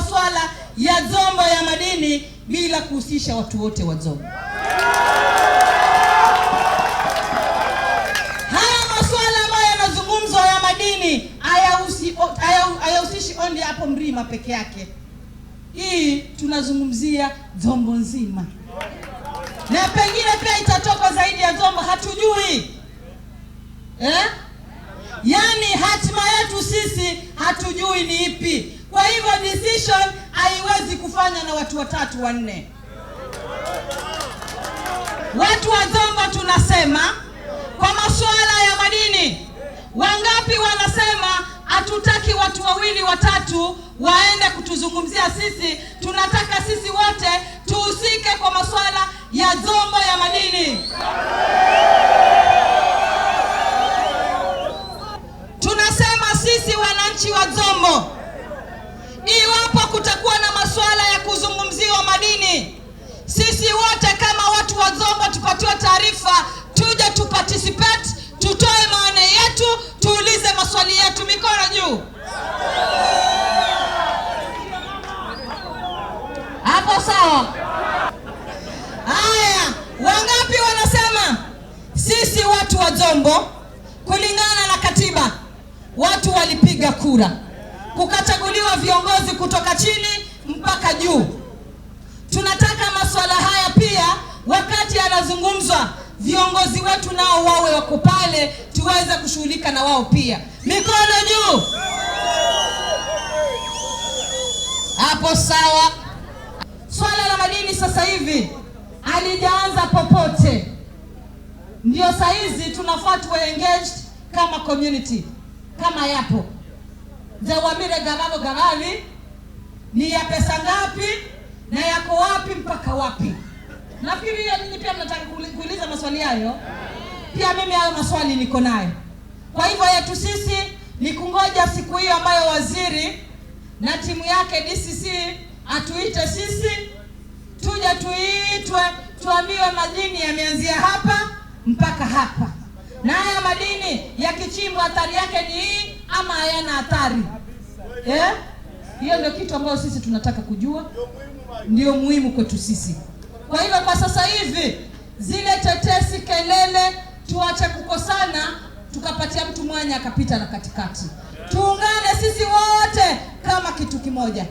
masuala ya Dzombo ya madini bila kuhusisha watu wote wa Dzombo. Haya masuala ambayo yanazungumzwa ya madini hayahusishi ondi hapo Mrima peke yake, hii tunazungumzia Dzombo nzima, na pengine pia itatoka zaidi ya Dzombo, hatujui eh? Yaani hatima yetu sisi hatujui ni ipi opposition haiwezi kufanya na watu watatu wanne. Watu wa Zomba tunasema kwa masuala ya madini, wangapi wanasema hatutaki watu wawili watatu waende kutuzungumzia sisi, tunataka sisi wote tuhusike kwa masuala ya zombo ya madini. Tunasema sisi wananchi wa zombo Iwapo kutakuwa na masuala ya kuzungumziwa madini, sisi wote kama watu wa Zomba tupatiwe taarifa, tuje tu participate, tutoe maone yetu, tuulize maswali yetu. Mikono juu hapo, sawa? Haya, wangapi wanasema sisi watu wa Zombo kulingana na katiba watu walipiga kura kukachaguliwa viongozi kutoka chini mpaka juu. Tunataka masuala haya pia, wakati yanazungumzwa, viongozi wetu nao wawe wako pale, tuweze kushughulika na wao pia. Mikono juu hapo, sawa. Swala la madini sasa hivi alijaanza popote, ndio saa hizi tunafaa tuwe engaged kama community, kama yapo Zawamire Galalo gavani ni ya pesa ngapi na yako wapi mpaka wapi? Nafikiri hiyo nini pia mnataka kuuliza maswali hayo. Pia mimi hayo maswali niko nayo. Kwa hivyo yetu sisi ni kungoja siku hiyo ambayo waziri na timu yake DCC atuite sisi tuja tuitwe tuambiwe madini yameanzia hapa mpaka hapa, na haya madini yakichimbwa athari yake ni hii hatari eh? Hiyo ndio kitu ambayo sisi tunataka kujua, ndio muhimu kwetu sisi. Kwa hivyo kwa sasa hivi zile tetesi, kelele, tuache kukosana tukapatia mtu mwanya akapita na katikati, tuungane sisi wote kama kitu kimoja.